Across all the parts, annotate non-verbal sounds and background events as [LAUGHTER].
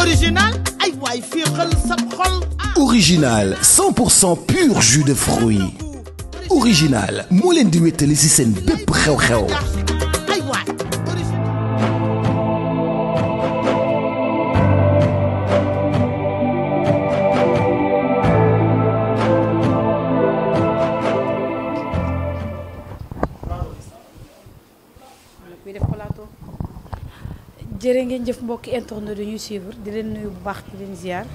original ay waay pur jus de fruits original moo leen di wéttali ci seen bépp xew-xew. jërë ngeen jëf mbokki internet yi ñuy suivre di leen nuyu bu baax di leen ziar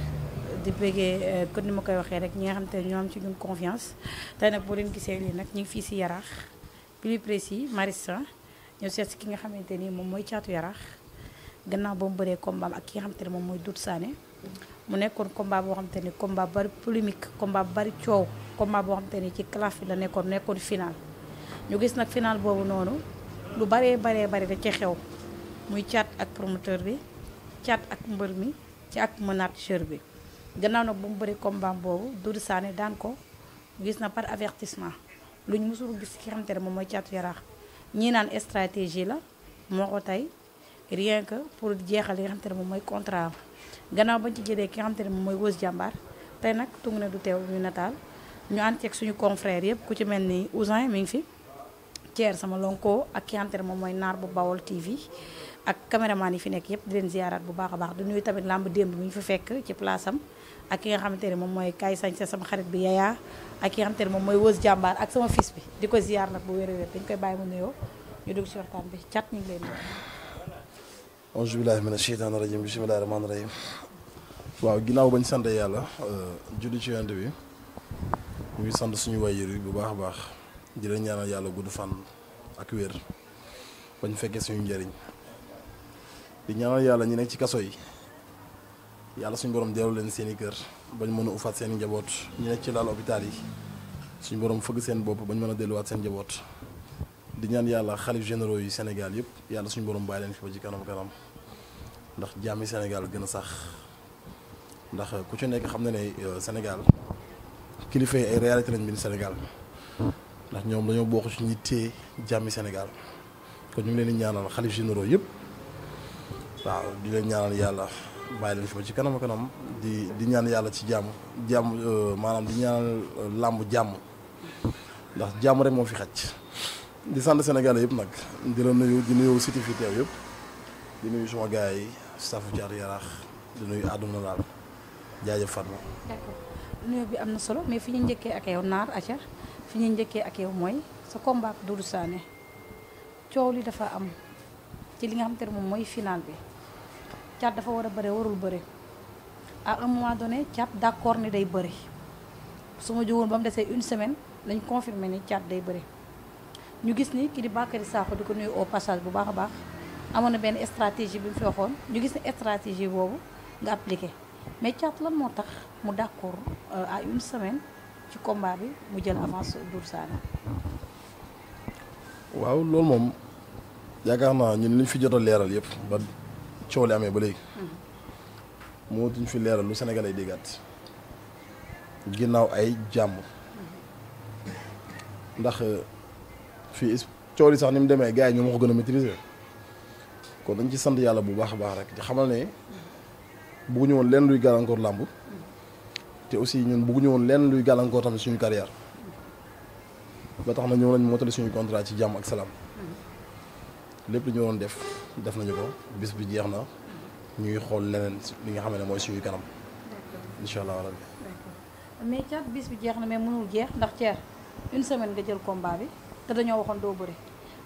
di bëggee kon euh, ni ma koy waxee rek ñi nga xam te ñoom ci ñun confiance te nag boo leen gisee lii nag ñu ngi fii si yaraax plus précis Marissa ñoo seet ki nga xamante ni moom mooy caatu yaraax gannaaw ba mu bëree combat ak ki nga xamante ne moom mooy Doudou Sané mu nekkoon combat boo xamante ni combat bari polémique combat bari coow combat boo xamante ni ci classe bi la nekkoon nekkoon final ñu gis nag final boobu noonu lu baree baree bari da ci xew muy caat ak promoteur bi caat ak mbër mi ci ak manager bi gannaaw nag bu mu bëri combat boobu Doudou Sané daan ko gis na par avertissement luñ mosul gis ki xamante ne moom mooy caatu yaraax naan stratégie la moo ko tey rien que pour jeexal li nga moom mooy contrat gannaaw bañ ci jëlee ki nga xamante ne moom mooy Weuz Jàmbaar tey nag tungu ne du teew ñu nataal ñu ànd suñu confrère yëpp ku ci mel ni Ousin mi ngi fi Thier sama lonko ak ki nga xamante ne moom mooy naar bu Bawol TV ak caméraman yi fi nekk yëpp di leen ziaraat bu baax a baax di nuyu tamit làmb démb bi ñu fa fekk ci place am ak ki nga xamante ne moom mooy sañ Sañse sama xarit bi Yaya ak ki nga xamante ne moom mooy Wës Jàmbaar ak sama fils bi di ko ziar nag bu wér a wér dañ koy bàyyi mu nuyoo ñu dugg ci waxtaan bi cat ñu ngi lay nuyu. auzu billaahi mina sheytaani rajiim bismillaahi rahmaani rahiim waaw ginnaaw bañ sant yàlla euh, julli ci yonent bi ñu ngi sant suñu waajur bu baax a baax di leen ñaanal yàlla gudd fan ak wér bañ fekkee suñu njëriñ. di ñaanal yàlla ñu nekk ci kaso yi yàlla suñu borom dellu leen seen i kër bañ mën a ufaat seen njaboot ñi nekk ci laal hôpital yi suñu borom fëgg seen bopp bañ mën a delluwaat seen njaboot di ñaan yàlla xalif généro yu Sénégal yëpp yàlla suñu borom bàyyi leen fi ba ci jàmmi Sénégal gën a sax ndax ku ci nekk xam na ne euh, Sénégal kilifa yi ay réalité lañ ndax ñoom dañoo bokk ci ñi téye jàmmi Sénégal kon ñu ngi leen di ñaanal xalif généro yëpp. waaw di leen ñaanal yàlla bàyyi leen fi ci kanam kanam di di ñaan yàlla ci jàmm jàmm euh, maanaam di ñaanal euh, làmb jàmm ndax jàmm rek moo fi xaj di sant Sénégalais yëpp nag di la nuyu di nuyu siti fi yëpp di nuyu suma gars yi staffu Thiatou Yarakh di àdduna laal jaajëf Fatma. d'accord nuyu bi am na solo mais fi ñu njëkkee ak yow naar aca fi ñu njëkkee ak yow mooy sa combat Doudou Sané coow li dafa am ci li nga xam te ne moom mooy final bi. Thiat dafa war a bëre warul bëre à un moment donné Thiat d'accord ni day bëre su ma jógoon ba mu desee une semaine lañ confirmé ni Thiat day bëre ñu gis ni ki di Bakary Sakho di ko nuyu au passage bu baax a baax amoon na benn stratégie bi mu fi ñu gis ni stratégie boobu nga appliqué mais Thiat lan moo tax mu d'accord euh, à une semaine ci combat bi mu jël avance Dour Sané waaw loolu moom yaakaar naa ñun liñ fi jot a leeral yëpp coow amee ba léegi. moo duñ fi leeral lu Sénégalais yi déggaat ginnaaw ay jàmm. ndax fii coow li sax ni mu demee gars yi ñoo ma ko gën a maîtriser kon dañ ci sant yàlla bu baax a baax rek di xamal ne bëgguñu woon lenn luy gàllankoor làmb te aussi ñun bëgguñu woon lenn luy gàllankoor tamit suñu carrière ba tax na ñëw nañ mottali suñu contrat ci jàmm ak salaam. lépp lu ñu waroon def def nañu ko bis bi jeex na ñuy xool leneen li nga xam ne mooy suñu kanam. incha allah rabbi mais Thiat bis bi jeex na mais mënul jeex ndax Thier une semaine nga jël combat bi te dañoo waxoon doo bëri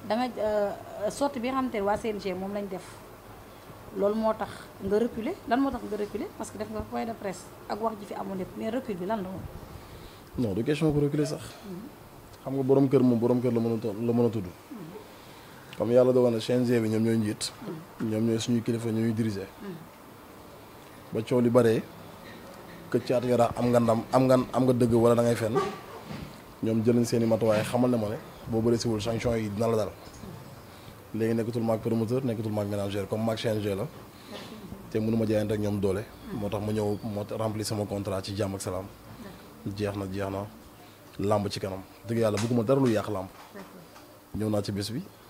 danga nga euh, sotti bi nga xamante ne waa CNG moom lañ def loolu moo tax nga reculer lan moo tax nga reculer parce que def nga point de presse ak wax ji fi amoon yëpp mais recul bi lan la woon. non du question ko reculer sax. Mm-hmm. xam nga borom kër moom borom kër la mën a la mën a tudd. comme yàlla dogal na CNG bi ñoom ñooy njiit ñoom ñooy suñuy kilifa ñooy diriger ba coow li bëree këccaat yara am nga ndam am nga am nga dëgg wala da ngay fenn ñoom jël nañ seen i matuwaay xamal ne ma ne boo bëri siwul sanction yi dina la dal léegi nekkatul maag promoteur nekkatul maag manager comme maag CNG la te mënuma jaayante ak ñoom doole moo tax ma ñëw moo rempli sama contrat ci jàmm ak salaam jeex na jeex na làmb ci kanam dëgg yàlla bëgguma dara lu yàq làmb ci bés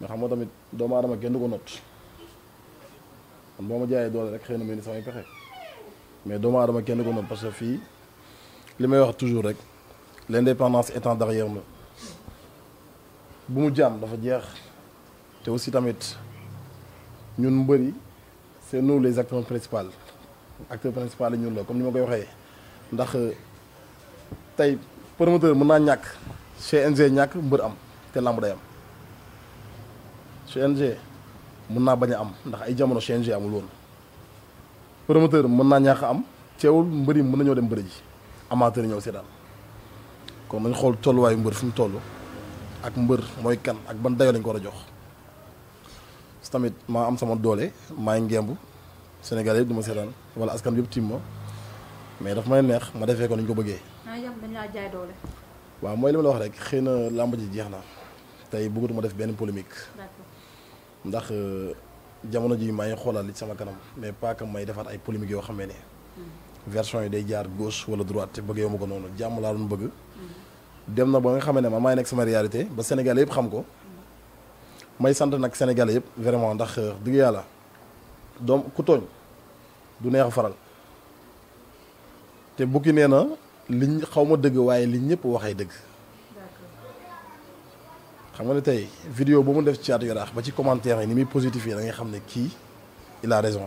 nga xam tamit doomu aadama kenn ko not kon boo ma jaayee doole rek xëy na muy ni samay pexe mais doomu aadama kenn ko not parce que fii li may wax toujours rek l'indépendance étant derrière nous bu mu jaam dafa jeex te aussi tamit ñun mbëri c'est nous les acteurs principaux acteurs principaux yi ñun la comme ni ma koy waxee ndax tey promoteur mën naa ñàkk CNG ñàkk mbër am te lamb day am CNG mën naa bañ a am ndax ay jamono CNG amul woon promoteur mën naa ñaax am teewul mbër yi mën nañoo dem bëri ji amateur ñëw seetaan kon nañ xool tolluwaayu mbër fi mu toll ak mbër mooy kan ak ban dayoo lañ ko war a jox tamit maa am sama doole maay ngemb Sénégal yëpp di ma seetaan wala askan yëpp tiim ma mais daf may neex ma defee ko ni ñu ko bëggee. waaw mooy li ma wax rek xëy na làmb ji jeex na tey bëggatuma def benn polémique. ndax euh, jamono ji maa ngi xoolal li sama kanam mais pas que may defaat ay polémique yoo xamee ne mm-hmm. version yi day jaar gauche wala droite te bëgg yow ma ko noonu jàmm laa doon bëgg mm-hmm. dem na ba nga xamee ne ma maay nekk sama réalité ba Sénégal yépp xam ko mm-hmm. may sant nag Sénégal yëpp vraiment ndax euh, dëgg yàlla doom ku tooñ du neex faral te bukki nee na liñ xaw ma dëgg waaye li ñëpp waxee dëgg xam nga ne tey vidéo bu mu def ci Thiatou ba ci commentaire yi ni muy positif yi da nga xam ne kii il a raison.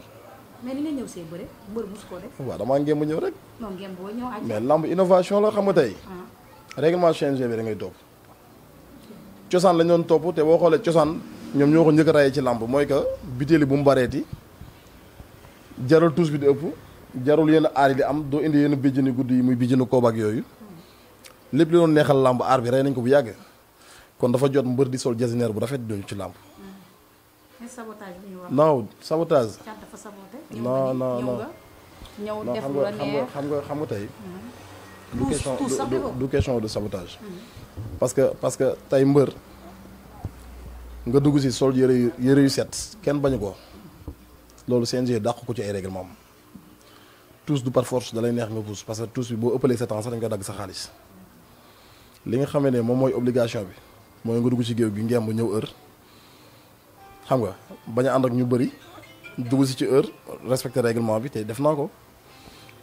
mais ni nga ñëw see rek. mais lamb innovation la xam nga tey. Ah. règlement CNG bi da ngay topp. cosaan lañ doon topp te boo xoolee cosaan ñoom ñoo ko njëkk a ci lamb mooy que bitéeli bu mu bareeti jarul tuus bi di ëpp jarul yenn aar yi di am doo indi yenn bijjini guddi yi muy bijjini koob ak yooyu hmm. lépp li oon neexal lamb aar bi rey nañ ko bu yàgg. kon dafa jot mbër di sol jasineer bu rafet doon ci làmb. Mm. sabotage bi ñu wax. non sabotage. cat dafa saboté. non non non ñëw xam nga xam nga tey. Mm. du question de sabotage. Mm. parce que parce que tey mbër nga dugg si sol yëre yu yëre yu set kenn bañu ko loolu CNG daq ko ci ay règlement am tous du par force da lay neex nga pousse parce que tous boo ëppalee sa temps sax dañ dagg sa xaalis li nga xamee ne moom mooy obligation bi. mooy nga dugg ci géew gi ngemb ñëw heure xam nga bañ a ànd ak ñu bëri dugg si ci heure respecté règlement bi te def naa ko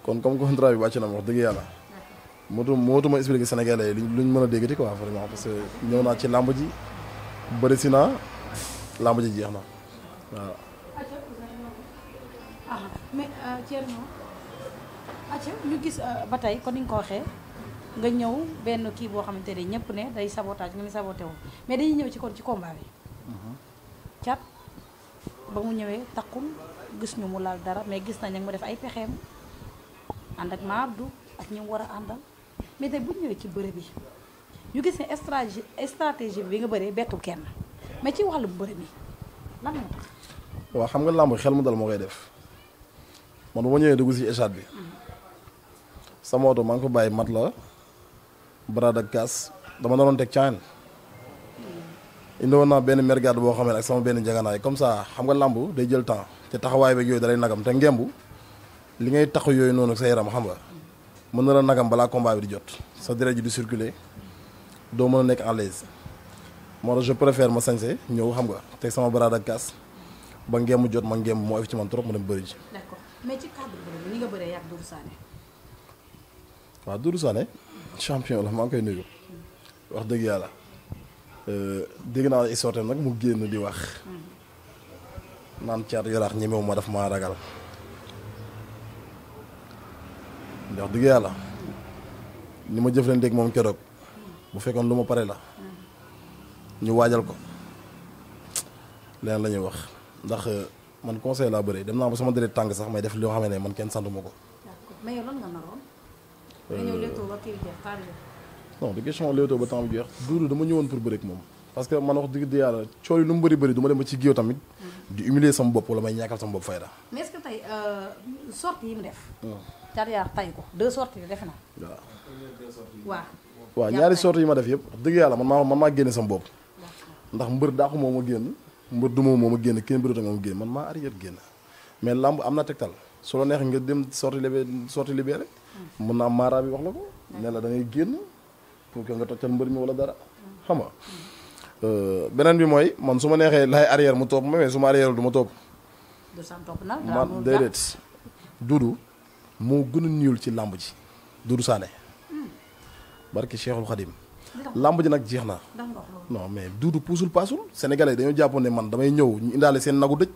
kon comme contrat bi wàcc na ma wax dëgg yàlla mootu mootu ma expliqué Sénégalais yi luñ mën a déggati quoi vraiment parce que ñëw naa ci làmb ji bëri si naa làmb ji jeex na waaw. Ah, euh, nga ñëw benn kii boo xamante ne ñëpp ne day sabotage nga ne saboté mais dañuy ñëw ci kon ci combat bi. Mhm. ba mu ñëwee takkul gis mu laal dara mais gis nañ nag mu def ay pexeem ànd ak Ma war a àndal mais tey ci bëre bi ñu gis ne stratégie bi nga bëree bettu kenn mais ci wàllum bëre bi lan xam nga làmb xel mu dal moo koy def man bu ma ñëwee dugg si état bi mhm. sama oto maa ngi ko bàyyi mat la. baraad ak kaas dama naroon teg caayan indi woon naa benn mergaat boo xam ne ak sama benn njaganaay comme ça xam nga làmb day jël temps te taxawaay beeg yooyu dalay nagam te ngemb li ngay taxu yooyu noonu sa yaram xam nga mën na la nagam balaa combat bi di jot sa deret ji di circuler doo mën a nekk à l'aise moo tax je préfère ma sañse ñëw xam nga te sama baraad ak kaas ba ngemb jot ma ngemb moo ëpp ci man trop ma dem bëri ji. d'accord mais ci champion la maa ngi koy nuyu wax dëgg yàlla euh, dégg naa histoire tam nag mu génn di wax naan caat yaraax ñemewu ma daf maa ragal wax dëgg yàlla ni ma jëf jëflanteeg moom keroog bu fekkoon lu ma pare la ñu waajal ko leneen la ñuy wax ndax euh, man conseil laa bëri dem naa ba sama deree tàng sax may def loo xam ne man kenn santuma ko. nga ñëw euh, léetoo ba kii jeex par non de question dama ñëwoon pour bëri moom parce que man wax dëgg yàlla coow mu bëri bëri du ma dem ba ci géew mm-hmm. sama bopp wala may ñàkkal sama bopp fayda mais est euh, def hmm. car yaar ko deux sorties yi ñaari sorties yi ma def yëpp dëgg yàlla man maa man maa génne sama bopp ndax mbër daaxu moo ma génn mbër du moom moo ma génn kenn mbër danga ma génn man maa arrière génn mais làmb am na tegtal su la neex nga dem sorti libéré sorti libéré mm. mun naa maara bi wax la ko ne la da ngay génn pour que nga toccal mbër mi wala dara mm. xam nga euh, beneen bi mooy man su ma neexee laay arrière mu toog ma mais su ma arrière du ma topp man déedéet Doudou moo gën a ñuul ci làmb ji Doudou Sané mm. barki Cheikhul Khadim làmb ji nag jeex na non mais Doudou puusul paasul sénégalais dañoo jàppoon ne man damay ñëw ñu indaale seen nagu dëj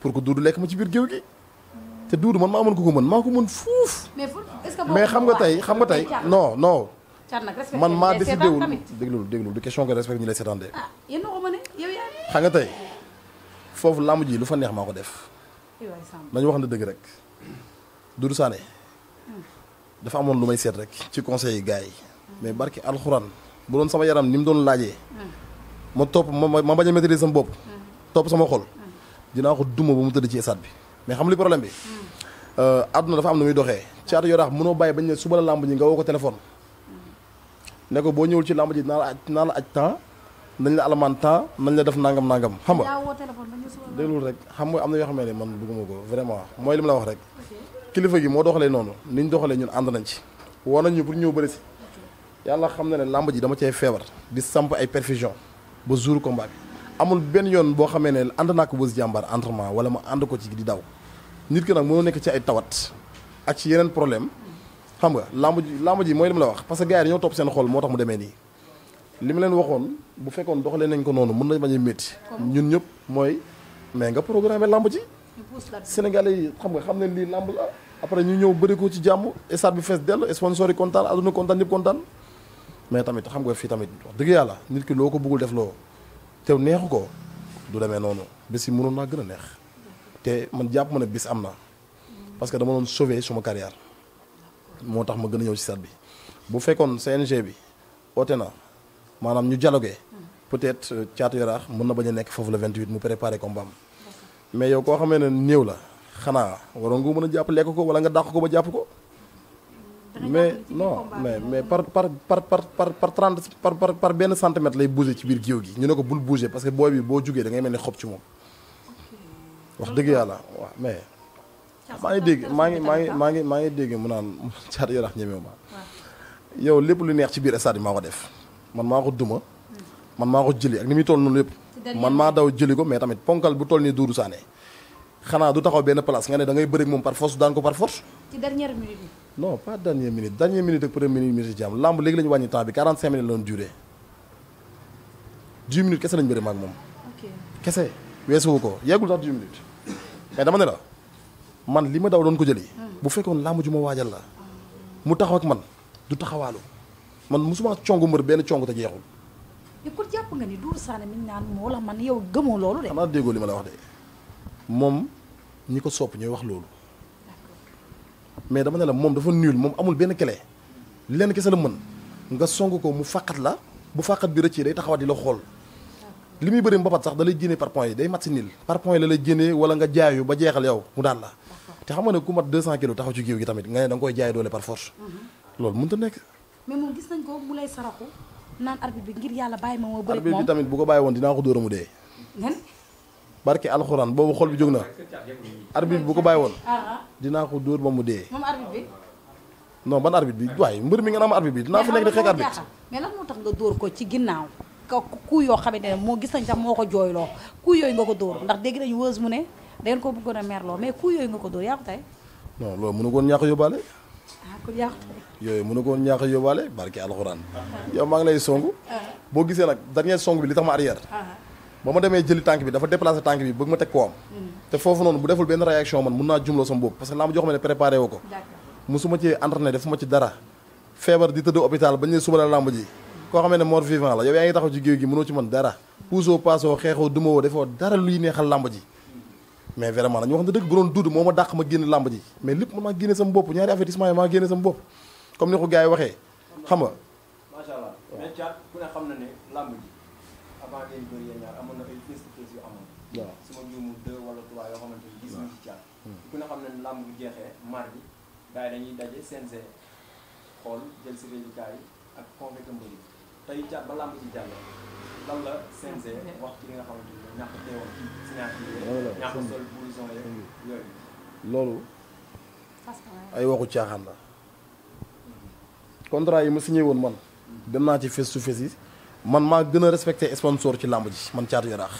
pour que Doudou lekk ma ci biir géew gi te duudu man maa mën ko ko mën maa ko mën fuuf. mais xam nga tey xam nga tey non non. man maa décidé wul déglul déglul du question que respect ñu lay seetaan ah, nga tey foofu làmb ji lu fa neex maa ko def. nañu wax ne dëgg rek Doudou Sané dafa amoon lu may seet rek ci conseil yi gars yi mais barki alxuraan bu doon sama yaram ni mu doon laajee ma topp ma ma bañ a maîtriser sama bopp topp sama xol dinaa ko duma ba mu tëdd ci esaat bi mais xam li problème bi euh, àdduna dafa am na muy doxee caatu yoraax mënoo bàyyi bañ ne suba la làmb ji nga woo ko téléphone ne ko boo ñëwul ci làmb ji naa la aj naa la aj temps nañ la alamaan temps nañ la def nangam nangam xam nga déglul rek xam nga am na yoo xamee ne man bëgguma ko vraiment mooy li la wax rek kilifa gi moo doxalee noonu ni ñu doxalee ñun ànd nañ ci war nañ ñu pour ñëw bëri si yàlla xam na ne làmb ji dama cay feebar di samp ay perfusion ba jour combat bi amul benn yoon boo xamee ne ànd naa ko bës jàmbar entraînement wala ma ànd ko ci di daw nit ki nag mënoo nekk ci ay tawat ak ci yeneen problème xam nga làmb ji làmb ji mooy li ma la wax parce que gars ñoo topp seen xol moo tax mu demee nii li ma leen waxoon bu fekkoon doxalee nañ ko noonu mën nañ bañ a métti ñun ñëpp mooy mais nga programme làmb ji Sénégalais yi xam nga xam ne lii làmb la après ñu ñëw bëri ko ci jàmm stade bi fees dell sponsor yi kontaan aduna kontaan ñëpp kontaan mais tamit xam nga fii tamit wax dëgg yàlla nit ki loo ko bëggul def loo tew neexu ko du demee noonu bés yi mënoon naa gën a neex te man jàpp ma ne bis am na parce que dama doon sauver suma carrière moo tax ma gën a ñëw ci stade bi bu fekkoon CNG bi oote na maanaam ñu dialogué peut-être euh, Thiatou Yarakh mën na bañ a nekk la le 28 mu préparé ko am mais yow koo xamee ne néew la xanaa waroon nga mën a jàpp lekk ko wala nga dàq ko ba jàpp ko. mais non mais par par par par par benn centimètre lay bougé ci biir géew gi ñu ne ko bul bougé parce que booy bi boo jugee da ngay ni xob ci moom. wax dëgg yàlla waaw mais. maa ngi dégg maa ngi maa ngi maa ngi maa ngi dégg mu naan Caatu [LAUGHS] Yaraax ñemewu ma yow lépp lu neex ci biir stade bi maa ko def man maa ko duma man maa ko jëli ak ni muy toll noonu lépp man maa daw jëli ko mais tamit ponkal bu toll nii Doudou Sané xanaa du taxaw benn place nga ne da ngay bëri ak moom par force daan ko par force. no dernière minute bi. non pas dernière minute dernière minute ak première minute mi ci am làmb léegi la wàññi temps bi 45 minutes la doon duré 10 minutes kese la ñu ak moom. kese weesuwu ko yeggul sax 10 mais dama ne la man li ma daw doon ko jëli. bu fekkoon làmb ju ma waajal la mu taxaw ak man du taxawaalu man musuma congu mbër benn cong te jeexul. mais kon man yow gëmoo loolu de. xanaa déggoo li ma la wax de moom ñi ko sopp ñooy wax loolu mais dama ne la moom dafa nul moom amul benn clé lenn kese la mën nga song ko mu fàqat la bu fàqat bi rëccee day taxawaat di la xool. li muy bëri mbapat sax da lay jénee par point yi day mat si niil par point yi la lay jénee wala nga jaayu ba jeexal yow mu daan la te xam nga ne ku mat 200 kilos taxaw ci géew gi tamit nga ne da nga koy jaay doole par force mhm. loolu mënut a nekk mais moom gis nañ ko mu lay saraxu naan arbitre bi ngir yàlla bàyyi ma ma bëri bi tamit bu ko bàyyi woon dinaa ko dóora mu dee barke alxuraan boobu xol bi na arbitre bi bu ko bàyyi woon ah, ah. dinaa ko dóor ba mu dee moom arbitre bi non bi waaye mbër mi nga naan arbitre bi dinaa fi nekk di xeex arbitre mais moo tax nga dóor ko ci ginnaaw ku yoo xamante ne moo gis nañ sax moo ko jooyloo ku yooyu nga ko dóor ndax dégg nañu wëes mu ne da ngeen ko bëggoon a merloo mais ku yooyu nga ko dóor yaa ko tey non koon ñàkk yóbbaale ah ku yaa ko tey yooyu mënu koon ñàkk yóbbaale barke alxuraan yow maa ngi lay song ah. boo gisee nag dernier song bi li tax ma arrière ah. ba ma demee jëli tànk bi dafa déplacé tànk bi bëgg ma teg ko am hmm. te foofu noonu bu deful benn réaction man mun naa jumloo sama bopp parce que laa ma jox ma ne préparé woo ko musuma ci entraîné defuma ci dara feebar di tëdd hôpital bañ ne suba la ji koo xam ne mort vivant la yow yaa ngi taxaw ci géew gi mënoo ci mën dara puusoo paasoo xeexoo dumawoo defoo dara luy neexal làmb ji mais vraiment nañu wax ne dëgg bu doon dudd moo ma dàq ma génn làmb ji mais lépp man maa génne sama bopp ñaari avertissement yi maa génne sama bopp comme ni ko gars yi waxee xam nga macha allah mais Thiat ku xam na ne làmb ji avant ngeen bëri yéen ñaar amoon na ay face ma wala trois yoo xamante gis nañ ci Thiat ku ne xam làmb bu jeexee mardi gars yi dañuy daje CNG xool jël si résultat yi ak convoqué mbër tey ja ba la CNG wax loolu ay waxu caaxaan la contrat yi ma signé woon man mm-hmm. dem naa ci face su face yi man maa gën a respecté sponsor ci làmb ji man Thiatou Yarakh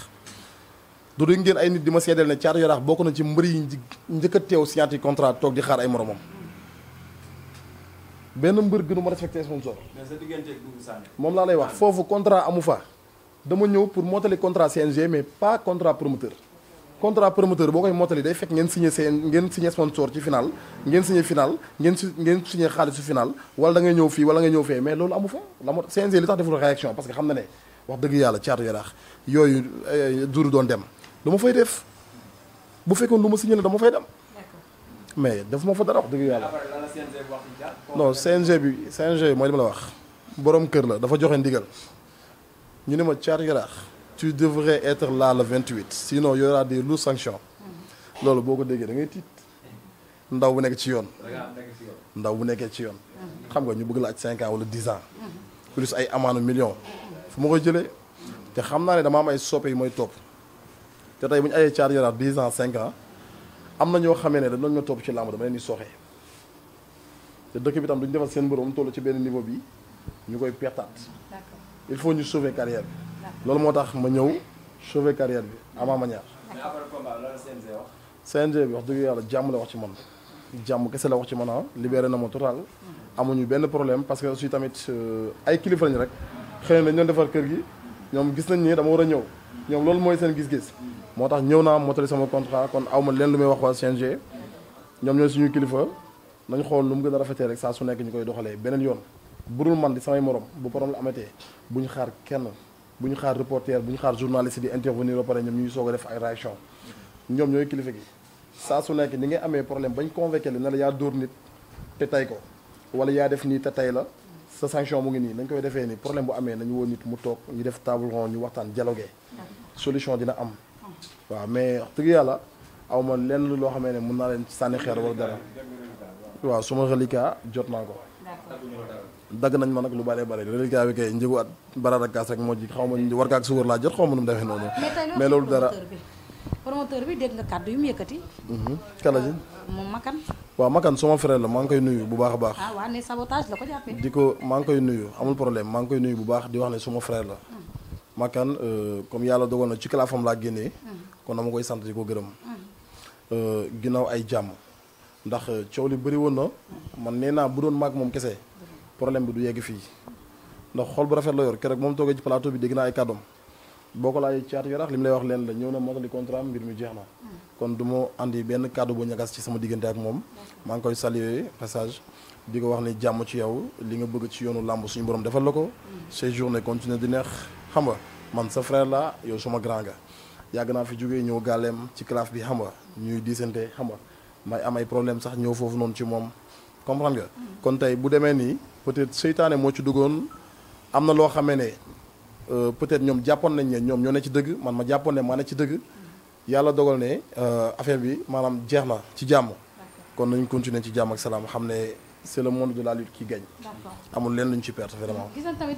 du ngeen ay nit di ma seedeel ne Thiatou Yarakh bokk na ci mbër yi njëkk a teew signature contrat toog di xaar ay moromam benn mbër gënu ma respecté sponsor. mais sa diggante ak Doudou Sané moom laa lay wax foofu contrat amu fa. dama ñëw pour mottali contrat CNG mais pas contrat promoteur. contrat promoteur boo koy mottali day fekk ngeen signé seen ngeen signé sponsor ci final. ngeen signé final ngeen su ngeen signé xaalisu final wala da ngay ñëw fii wala nga ñëw fee mais loolu amu fa la moo CNG li tax deful réaction parce que xam na ne wax dëgg yàlla caatu yaraax yooyu duru doon dem. ma fay def bu fekkoon lu ma signé la dama fay dem. mais daf ma fa dara wax dëgg yàlla. non CNG bi mooy li ma la wax. borom kër la dafa joxe ndigal ñu ne ma Thiatou Yarakh tu devrais être là le 28 sinon y aura des lourdes mm-hmm. loolu boo ko déggee da ngay tiit ndaw bu nekk ci yoon. ndaw bu nekkee ci yoon. Mm-hmm. xam nga ñu bëgg la aj 5 ans wala 10 ans. Mm-hmm. plus ay amaanu million fu ma ko jëlee te xam naa ne dama am ay soppe yi mooy topp te tey bu ñu ayee Thiatou Yarakh 10 ans 5 ans. am na ñoo xamee ne dañu doon topp ci làmb dama leen di sooxee te dëkk bi tam duñu defal seen mbërëm toll ci benn niveau bi ñu koy pertaat il faut ñu sauver carrière loolu moo tax ma ñëw sauver carrière bi à ma manière CNG bi wax dëgg yàlla jàmm la wax ci man jàmm kese la wax ci man ah libéré na ma total amuñu benn problème parce que aussi tamit euh, ay kilifa lañu rek xëy na dañu doon defar kër gi ñoom gis nañ nii dama war a ñëw ñoom loolu mooy seen gis-gis moo tax ñëw naa motali sama contrat kon awma leen lu may wax waa CNG ñoom ñooy suñu kilifa nañ xool lu mu gën a rafetee rek saa su nekk ñu koy doxalee beneen yoon burul man di morom bu problème amatee bu ñu xaar kenn bu ñu xaar reporter bu ñu xaar journaliste di intervenir ba pare ñoom ñuy soog a def ay réaction ñoom ñooy kilifa gi saa su nekk ni ngay amee problème bañ convoqué la ne la yaa dóor nit te tay ko wala yaa def nii te tay la sa sanction mu ngi nii nañ koy defee nii problème bu amee nañu woo nit mu toog ñu def table ronde ñu waxtaan dialogué solution dina am waaw mais wax dëgg yàlla aw ma lenn loo xamee ne mun naa leen sànni xeer wala dara waaw suma reliquat jot naa ko dagg nañ ma nag lu bare bare reliquat bi kay njëgu at barat a kaas rek ji xaw ma war kaak suwar laa jot xaw nu mu noonu mais loolu dara promoteur bi dégg nga kàddu yu mu yëkkati. Mhm. kan la euh, moom Makan. waaw Makan suma frère la maa ngi koy nuyu bu baax a baax. ah waa ne sabotage di ko maa ngi koy nuyu amul problème maa ngi koy nuyu bu baax di wax ne suma frère la. Ah. Makan euh, comme yàlla dogal na ci kalaafam laa génnee. Mm. kon dama koy sant di ko gërëm. Mm. Euh, ginnaaw ay jàmm. ndax euh, coow li bëri woon na. Mm. man nee naa bu doon maag moom kese. problème bi du yegg fii. ndax xool bu rafet la yor keroog moom toogee ci plateau bi dégg naa ay kàddoom. boo ko laajee caatu yaraax li mu lay wax leen la ñëw na mottali contrat mbir mi jeex na. kon du ma andi benn kàddu bu ñagas ci sama diggante ak moom. maa ngi koy saluer passage. di ko wax ni jàmm ci yow li nga bëgg ci yoonu làmb suñu borom defal la ko. ces journées continuer di neex. xam nga man sa frère la yow suma grand nga yàgg naa fi jógee ñëw gàlleem ci classe bi xam nga ñuy diisante xam nga may am ay problème sax ñëw foofu noonu ci moom comprendre nga. Mm. kon tey bu demee nii peut-être seytaane moo ci duggoon am na loo xamee ne euh, peut-être ñoom jàppoon nañ ne ñoom ñoo ne ci dëgg man ma jàppoon ne maa ne ci dëgg mm. yàlla dogal ne euh, affaire bi maanaam jeex na ci jàmm. kon nañ continuer ci jàmm ak salaam xam ne c'est le monde de la lutte qui gagne. amul leen lu ci perte